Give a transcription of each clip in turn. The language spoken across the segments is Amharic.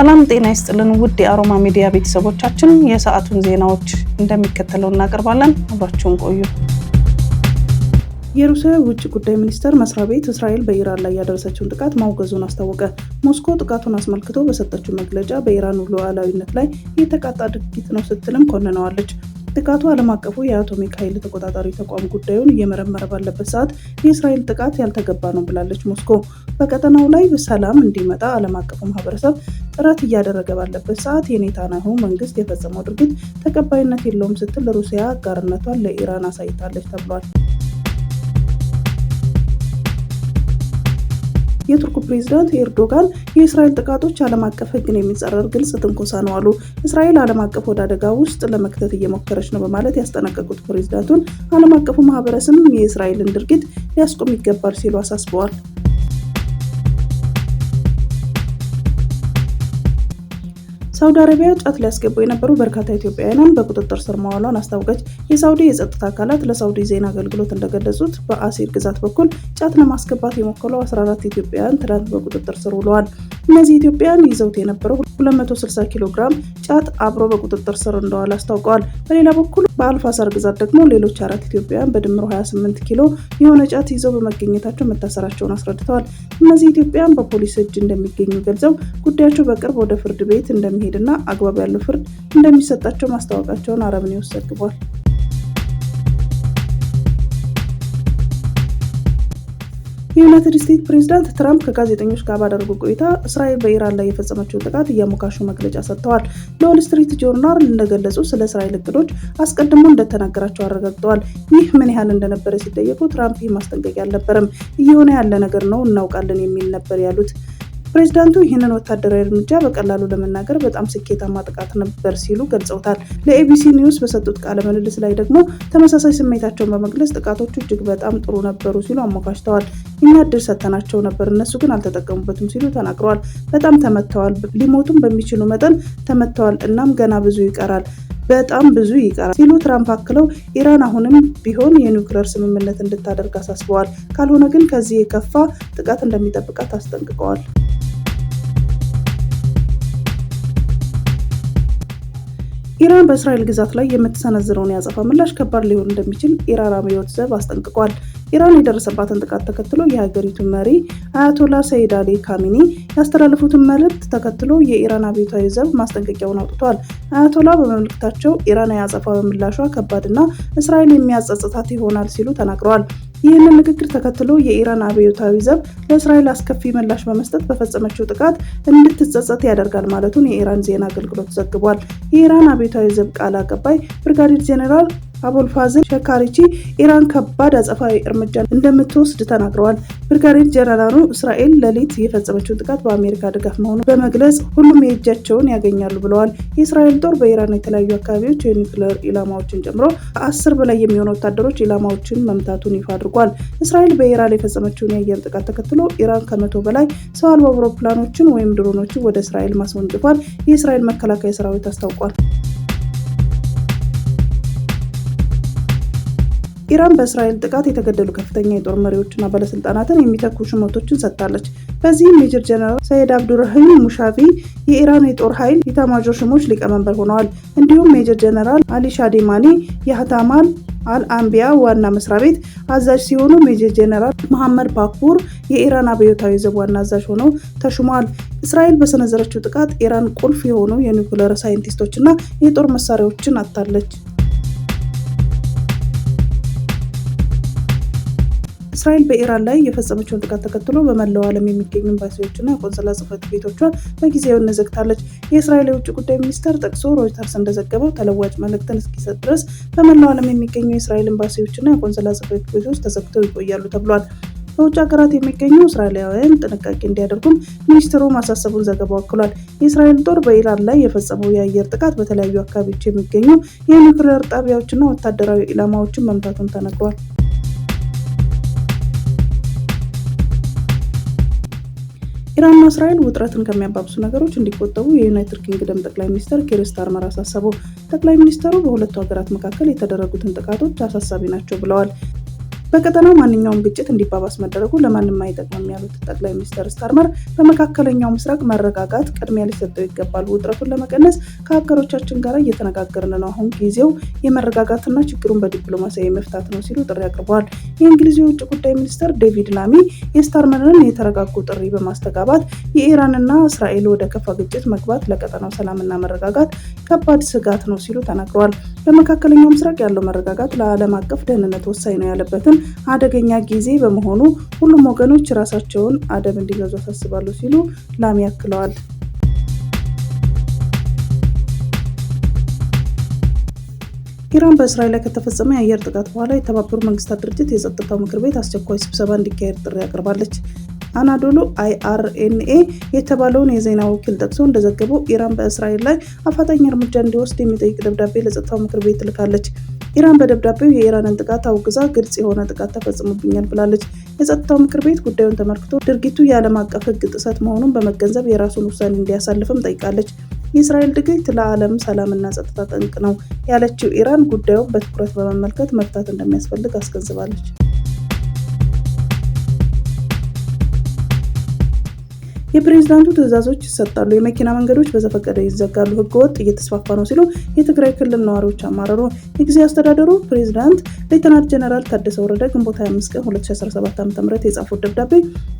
ሰላም ጤና ይስጥልን ውድ የአሮማ ሚዲያ ቤተሰቦቻችን፣ የሰዓቱን ዜናዎች እንደሚከተለው እናቀርባለን። አብራችሁን ቆዩ። የሩሲያ ውጭ ጉዳይ ሚኒስቴር መስሪያ ቤት እስራኤል በኢራን ላይ ያደረሰችውን ጥቃት ማውገዙን አስታወቀ። ሞስኮ ጥቃቱን አስመልክቶ በሰጠችው መግለጫ በኢራን ሉዓላዊነት ላይ የተቃጣ ድርጊት ነው ስትልም ኮንነዋለች። ጥቃቱ ዓለም አቀፉ የአቶሚክ ኃይል ተቆጣጣሪ ተቋም ጉዳዩን እየመረመረ ባለበት ሰዓት የእስራኤል ጥቃት ያልተገባ ነው ብላለች ሞስኮ። በቀጠናው ላይ ሰላም እንዲመጣ ዓለም አቀፉ ማህበረሰብ ጥረት እያደረገ ባለበት ሰዓት የኔታንያሁ መንግስት የፈጸመው ድርጊት ተቀባይነት የለውም ስትል ሩሲያ አጋርነቷን ለኢራን አሳይታለች ተብሏል። የቱርክ ፕሬዚዳንት ኤርዶጋን የእስራኤል ጥቃቶች ዓለም አቀፍ ሕግን የሚጻረር ግልጽ ትንኮሳ ነው አሉ። እስራኤል ዓለም አቀፍ ወደ አደጋ ውስጥ ለመክተት እየሞከረች ነው በማለት ያስጠነቀቁት ፕሬዚዳንቱን ዓለም አቀፉ ማህበረሰብም የእስራኤልን ድርጊት ሊያስቆም ይገባል ሲሉ አሳስበዋል። ሳውዲ አረቢያ ጫት ሊያስገቡ የነበሩ በርካታ ኢትዮጵያውያንን በቁጥጥር ስር መዋሏን አስታወቀች። የሳውዲ የጸጥታ አካላት ለሳውዲ ዜና አገልግሎት እንደገለጹት በአሲር ግዛት በኩል ጫት ለማስገባት የሞከሉ 14 ኢትዮጵያውያን ትናንት በቁጥጥር ስር ውለዋል። እነዚህ ኢትዮጵያን ይዘውት የነበረው 260 ኪሎ ግራም ጫት አብሮ በቁጥጥር ስር እንደዋለ አስታውቀዋል። በሌላ በኩል ሰር ግዛት ደግሞ ሌሎች አራት ኢትዮጵያውያን በድምሩ 28 ኪሎ የሆነ ጫት ይዘው በመገኘታቸው መታሰራቸውን አስረድተዋል። እነዚህ ኢትዮጵያውያን በፖሊስ እጅ እንደሚገኙ ገልጸው ጉዳያቸው በቅርብ ወደ ፍርድ ቤት እንደሚሄድና አግባብ ያለው ፍርድ እንደሚሰጣቸው ማስታወቃቸውን አረብ ኒውስ ዘግቧል። የዩናይትድ ስቴትስ ፕሬዚዳንት ትራምፕ ከጋዜጠኞች ጋር ባደረጉ ቆይታ እስራኤል በኢራን ላይ የፈጸመችውን ጥቃት እያሞካሹ መግለጫ ሰጥተዋል። ለዎል ስትሪት ጆርናል እንደገለጹ ስለ እስራኤል እቅዶች አስቀድሞ እንደተናገራቸው አረጋግጠዋል። ይህ ምን ያህል እንደነበረ ሲጠየቁ ትራምፕ ይህ ማስጠንቀቂያ አልነበረም፣ እየሆነ ያለ ነገር ነው፣ እናውቃለን የሚል ነበር ያሉት። ፕሬዚዳንቱ ይህንን ወታደራዊ እርምጃ በቀላሉ ለመናገር በጣም ስኬታማ ጥቃት ነበር ሲሉ ገልጸውታል። ለኤቢሲ ኒውስ በሰጡት ቃለ ምልልስ ላይ ደግሞ ተመሳሳይ ስሜታቸውን በመግለጽ ጥቃቶቹ እጅግ በጣም ጥሩ ነበሩ ሲሉ አሞካሽተዋል። እኛ እድል ሰተናቸው ነበር፣ እነሱ ግን አልተጠቀሙበትም ሲሉ ተናግረዋል። በጣም ተመተዋል፣ ሊሞቱም በሚችሉ መጠን ተመተዋል። እናም ገና ብዙ ይቀራል በጣም ብዙ ይቀራል ሲሉ ትራምፕ አክለው ኢራን አሁንም ቢሆን የኒውክሌር ስምምነት እንድታደርግ አሳስበዋል። ካልሆነ ግን ከዚህ የከፋ ጥቃት እንደሚጠብቃት አስጠንቅቀዋል። ኢራን በእስራኤል ግዛት ላይ የምትሰነዝረውን ያጸፋ ምላሽ ከባድ ሊሆን እንደሚችል ኢራን አብዮት ዘብ አስጠንቅቋል። ኢራን የደረሰባትን ጥቃት ተከትሎ የሀገሪቱ መሪ አያቶላ ሰይድ አሊ ካሚኒ ያስተላለፉትን መልእክት ተከትሎ የኢራን አብዮታዊ ዘብ ማስጠንቀቂያውን አውጥቷል። አያቶላ በመልእክታቸው ኢራን የአጸፋ ምላሿ ከባድና እስራኤል የሚያጸጽታት ይሆናል ሲሉ ተናግረዋል። ይህንን ንግግር ተከትሎ የኢራን አብዮታዊ ዘብ ለእስራኤል አስከፊ ምላሽ በመስጠት በፈጸመችው ጥቃት እንድትጸጸት ያደርጋል ማለቱን የኢራን ዜና አገልግሎት ዘግቧል። የኢራን አብዮታዊ ዘብ ቃል አቀባይ ብርጋዴር ጄኔራል አቦልፋዝን ሸካሪቺ ኢራን ከባድ አጸፋዊ እርምጃ እንደምትወስድ ተናግረዋል። ብርጋዴር ጀነራሉ እስራኤል ሌሊት የፈጸመችውን ጥቃት በአሜሪካ ድጋፍ መሆኑን በመግለጽ ሁሉም የእጃቸውን ያገኛሉ ብለዋል። የእስራኤል ጦር በኢራን የተለያዩ አካባቢዎች የኒውክሌር ኢላማዎችን ጨምሮ ከአስር በላይ የሚሆኑ ወታደሮች ኢላማዎችን መምታቱን ይፋ አድርጓል። እስራኤል በኢራን የፈጸመችውን የአየር ጥቃት ተከትሎ ኢራን ከመቶ በላይ ሰው አልባ አውሮፕላኖችን ወይም ድሮኖችን ወደ እስራኤል ማስወንጭፏል። የእስራኤል መከላከያ ሰራዊት አስታውቋል። ኢራን በእስራኤል ጥቃት የተገደሉ ከፍተኛ የጦር መሪዎችና ባለስልጣናትን የሚተኩ ሹመቶችን ሰጥታለች። በዚህም ሜጀር ጀነራል ሰይድ አብዱራሂም ሙሻፊ የኢራን የጦር ኃይል ኢታማዦር ሹሞች ሊቀመንበር ሆነዋል። እንዲሁም ሜጀር ጀነራል አሊ ሻዴማኒ የህታማል አልአምቢያ ዋና መስሪያ ቤት አዛዥ ሲሆኑ ሜጀር ጀነራል መሐመድ ባኩር የኢራን አብዮታዊ ዘብ ዋና አዛዥ ሆነው ተሹመዋል። እስራኤል በሰነዘረችው ጥቃት ኢራን ቁልፍ የሆኑ የኒውክሌር ሳይንቲስቶችና የጦር መሳሪያዎችን አጥታለች። እስራኤል በኢራን ላይ የፈጸመችውን ጥቃት ተከትሎ በመላው ዓለም የሚገኙ ኤምባሲዎችና የቆንስላ ጽፈት ቤቶቿን በጊዜያዊነት ዘግታለች። የእስራኤል የውጭ ጉዳይ ሚኒስቴር ጠቅሶ ሮይተርስ እንደዘገበው ተለዋጭ መልእክትን እስኪሰጥ ድረስ በመላው ዓለም የሚገኙ የእስራኤል ኤምባሲዎችና የቆንስላ ጽፈት ቤቶች ተዘግተው ይቆያሉ ተብሏል። በውጭ ሀገራት የሚገኙ እስራኤላውያን ጥንቃቄ እንዲያደርጉም ሚኒስትሩ ማሳሰቡን ዘገባው አክሏል። የእስራኤል ጦር በኢራን ላይ የፈጸመው የአየር ጥቃት በተለያዩ አካባቢዎች የሚገኙ የኒውክሌር ጣቢያዎችና ወታደራዊ ኢላማዎችን መምታቱን ተነግሯል። ኢራንና እስራኤል ውጥረትን ከሚያባብሱ ነገሮች እንዲቆጠቡ የዩናይትድ ኪንግደም ጠቅላይ ሚኒስትር ኪር ስታርመር አሳሰቡ። ጠቅላይ ሚኒስትሩ በሁለቱ ሀገራት መካከል የተደረጉትን ጥቃቶች አሳሳቢ ናቸው ብለዋል። በቀጠናው ማንኛውም ግጭት እንዲባባስ መደረጉ ለማንም አይጠቅምም ያሉት ጠቅላይ ሚኒስትር ስታርመር በመካከለኛው ምስራቅ መረጋጋት ቅድሚያ ሊሰጠው ይገባል። ውጥረቱን ለመቀነስ ከሀገሮቻችን ጋር እየተነጋገርን ነው። አሁን ጊዜው የመረጋጋትና ችግሩን በዲፕሎማሲያዊ መፍታት ነው ሲሉ ጥሪ አቅርበዋል። የእንግሊዝ የውጭ ጉዳይ ሚኒስትር ዴቪድ ላሚ የስታርመርን የተረጋጉ ጥሪ በማስተጋባት የኢራንና እስራኤል ወደ ከፋ ግጭት መግባት ለቀጠናው ሰላምና መረጋጋት ከባድ ስጋት ነው ሲሉ ተናግረዋል። በመካከለኛው ምስራቅ ያለው መረጋጋት ለዓለም አቀፍ ደህንነት ወሳኝ ነው ያለበትን አደገኛ ጊዜ በመሆኑ ሁሉም ወገኖች ራሳቸውን አደብ እንዲገዙ አሳስባሉ ሲሉ ላሚ ያክለዋል። ኢራን በእስራኤል ላይ ከተፈጸመ የአየር ጥቃት በኋላ የተባበሩት መንግስታት ድርጅት የጸጥታው ምክር ቤት አስቸኳይ ስብሰባ እንዲካሄድ ጥሪ አቅርባለች። አናዶሎ አይአርኤንኤ የተባለውን የዜና ወኪል ጠቅሶ እንደዘገበው ኢራን በእስራኤል ላይ አፋጣኝ እርምጃ እንዲወስድ የሚጠይቅ ደብዳቤ ለጸጥታው ምክር ቤት ትልካለች። ኢራን በደብዳቤው የኢራንን ጥቃት አውግዛ ግልጽ የሆነ ጥቃት ተፈጽሞብኛል ብላለች። የጸጥታው ምክር ቤት ጉዳዩን ተመልክቶ ድርጊቱ የዓለም አቀፍ ሕግ ጥሰት መሆኑን በመገንዘብ የራሱን ውሳኔ እንዲያሳልፍም ጠይቃለች። የእስራኤል ድርጊት ለዓለም ሰላምና ጸጥታ ጠንቅ ነው ያለችው ኢራን ጉዳዩን በትኩረት በመመልከት መፍታት እንደሚያስፈልግ አስገንዝባለች። የፕሬዝዳንቱ ትዕዛዞች ይሰጣሉ፣ የመኪና መንገዶች በዘፈቀደ ይዘጋሉ፣ ህገወጥ እየተስፋፋ ነው ሲሉ የትግራይ ክልል ነዋሪዎች አማረሩ። የጊዜ አስተዳደሩ ፕሬዝዳንት ሌተናንት ጀነራል ታደሰ ወረደ ግንቦት 25 ቀን 2017 ዓ.ም የጻፉት ደብዳቤ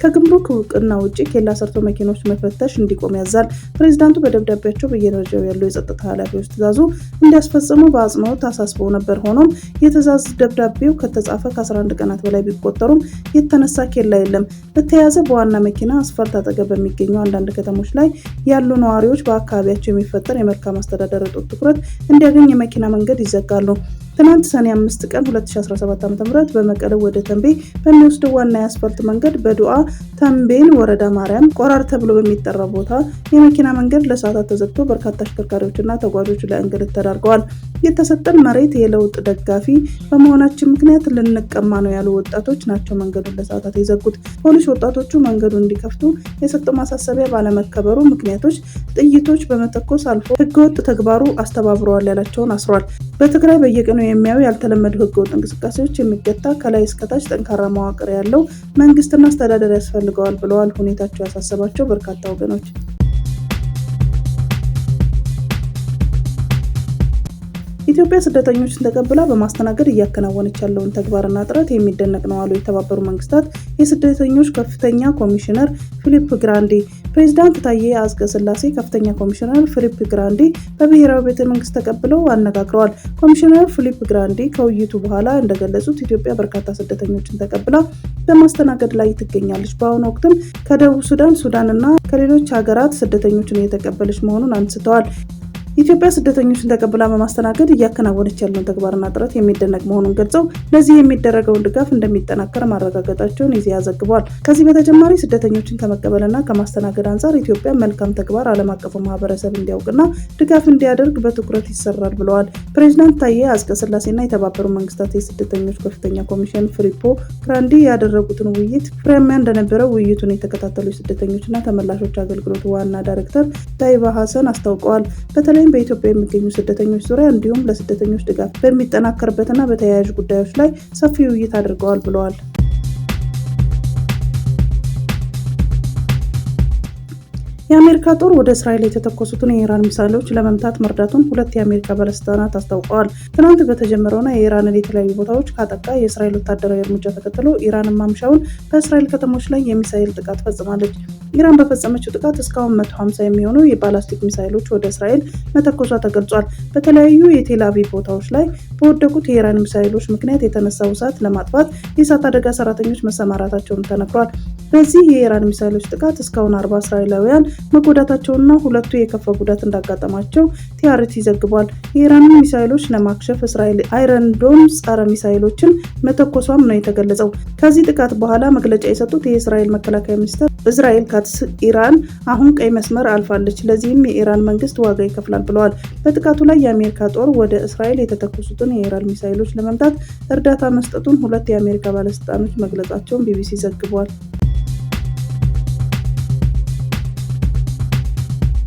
ከግምሩክ እውቅና ውጭ ኬላ ሰርቶ መኪኖች መፈተሽ እንዲቆም ያዛል። ፕሬዝዳንቱ በደብዳቤያቸው በየደረጃው ያሉ የጸጥታ ኃላፊዎች ትእዛዙ እንዲያስፈጽሙ በአጽንኦት አሳስበው ነበር። ሆኖም የትእዛዝ ደብዳቤው ከተጻፈ ከ11 ቀናት በላይ ቢቆጠሩም የተነሳ ኬላ የለም። በተያያዘ በዋና መኪና አስፋልት አጠገብ በሚገኙ አንዳንድ ከተሞች ላይ ያሉ ነዋሪዎች በአካባቢያቸው የሚፈጠር የመልካም አስተዳደር እጦት ትኩረት እንዲያገኝ የመኪና መንገድ ይዘጋሉ። ትናንት ሰኔ አምስት ቀን 2017 ዓ.ም በመቀለ ወደ ተንቤ በሚወስደው ዋና የአስፋልት መንገድ በዱዓ ተንቤን ወረዳ ማርያም ቆራር ተብሎ በሚጠራ ቦታ የመኪና መንገድ ለሰዓታት ተዘግቶ በርካታ አሽከርካሪዎችና ተጓዦች ለእንግልት ተዳርገዋል። የተሰጠን መሬት የለውጥ ደጋፊ በመሆናችን ምክንያት ልንቀማ ነው ያሉ ወጣቶች ናቸው መንገዱን ለሰዓታት የዘጉት። ፖሊስ ወጣቶቹ መንገዱ እንዲከፍቱ የሰጠው ማሳሰቢያ ባለመከበሩ ምክንያቶች ጥይቶች በመተኮስ አልፎ ህገወጥ ተግባሩ አስተባብረዋል ያላቸውን አስሯል። በትግራይ በየቀኑ ነው የሚያዩ ያልተለመዱ ህገወጥ እንቅስቃሴዎች የሚገታ ከላይ እስከታች ጠንካራ መዋቅር ያለው መንግስትና አስተዳደር ያስፈልገዋል ብለዋል ሁኔታቸው ያሳሰባቸው በርካታ ወገኖች። ኢትዮጵያ ስደተኞችን ተቀብላ በማስተናገድ እያከናወነች ያለውን ተግባርና ጥረት የሚደነቅ ነው አሉ የተባበሩ መንግስታት የስደተኞች ከፍተኛ ኮሚሽነር ፊሊፕ ግራንዲ። ፕሬዚዳንት ታዬ አጽቀ ሥላሴ ከፍተኛ ኮሚሽነር ፊሊፕ ግራንዲ በብሔራዊ ቤተ መንግስት ተቀብለው አነጋግረዋል። ኮሚሽነር ፊሊፕ ግራንዲ ከውይይቱ በኋላ እንደገለጹት ኢትዮጵያ በርካታ ስደተኞችን ተቀብላ በማስተናገድ ላይ ትገኛለች። በአሁኑ ወቅትም ከደቡብ ሱዳን፣ ሱዳን እና ከሌሎች ሀገራት ስደተኞችን እየተቀበለች መሆኑን አንስተዋል። ኢትዮጵያ ስደተኞችን ተቀብላ በማስተናገድ እያከናወነች ያለውን ተግባርና ጥረት የሚደነቅ መሆኑን ገልጸው ለዚህ የሚደረገውን ድጋፍ እንደሚጠናከር ማረጋገጣቸውን ኢዜአ ዘግቧል። ከዚህ በተጨማሪ ስደተኞችን ከመቀበልና ከማስተናገድ አንጻር ኢትዮጵያ መልካም ተግባር ዓለም አቀፉ ማህበረሰብ እንዲያውቅና ድጋፍ እንዲያደርግ በትኩረት ይሰራል ብለዋል። ፕሬዚዳንት ታዬ አጽቀሥላሴና የተባበሩ መንግስታት የስደተኞች ከፍተኛ ኮሚሽን ፍሪፖ ግራንዲ ያደረጉትን ውይይት ፍሬያማ እንደነበረ ውይይቱን የተከታተሉ የስደተኞችና ተመላሾች አገልግሎት ዋና ዳይሬክተር ዳይባ ሀሰን አስታውቀዋል። በተለይ በኢትዮጵያ የሚገኙ ስደተኞች ዙሪያ እንዲሁም ለስደተኞች ድጋፍ በሚጠናከርበትና በተያያዥ ጉዳዮች ላይ ሰፊ ውይይት አድርገዋል ብለዋል። የአሜሪካ ጦር ወደ እስራኤል የተተኮሱትን የኢራን ሚሳይሎች ለመምታት መርዳቱን ሁለት የአሜሪካ ባለስልጣናት አስታውቀዋል። ትናንት በተጀመረውና የኢራንን የተለያዩ ቦታዎች ካጠቃ የእስራኤል ወታደራዊ እርምጃ ተከትሎ ኢራን ማምሻውን በእስራኤል ከተሞች ላይ የሚሳይል ጥቃት ፈጽማለች። ኢራን በፈጸመችው ጥቃት እስካሁን 150 የሚሆኑ የባላስቲክ ሚሳይሎች ወደ እስራኤል መተኮሷ ተገልጿል። በተለያዩ የቴል ቦታዎች ላይ በወደቁት የኢራን ሚሳይሎች ምክንያት የተነሳው እሳት ለማጥፋት የእሳት አደጋ ሰራተኞች መሰማራታቸውን ተነግሯል። በዚህ የኢራን ሚሳይሎች ጥቃት እስካሁን አርባ እስራኤላውያን መጎዳታቸውና ሁለቱ የከፋ ጉዳት እንዳጋጠማቸው ቲአርቲ ዘግቧል። የኢራንን ሚሳይሎች ለማክሸፍ እስራኤል አይረንዶም ጸረ ሚሳይሎችን መተኮሷም ነው የተገለጸው። ከዚህ ጥቃት በኋላ መግለጫ የሰጡት የእስራኤል መከላከያ ሚኒስትር እስራኤል ካትስ ኢራን አሁን ቀይ መስመር አልፋለች፣ ለዚህም የኢራን መንግስት ዋጋ ይከፍላል ብለዋል። በጥቃቱ ላይ የአሜሪካ ጦር ወደ እስራኤል የተተኮሱትን የኢራን ሚሳይሎች ለመምታት እርዳታ መስጠቱን ሁለት የአሜሪካ ባለስልጣኖች መግለጻቸውን ቢቢሲ ዘግቧል።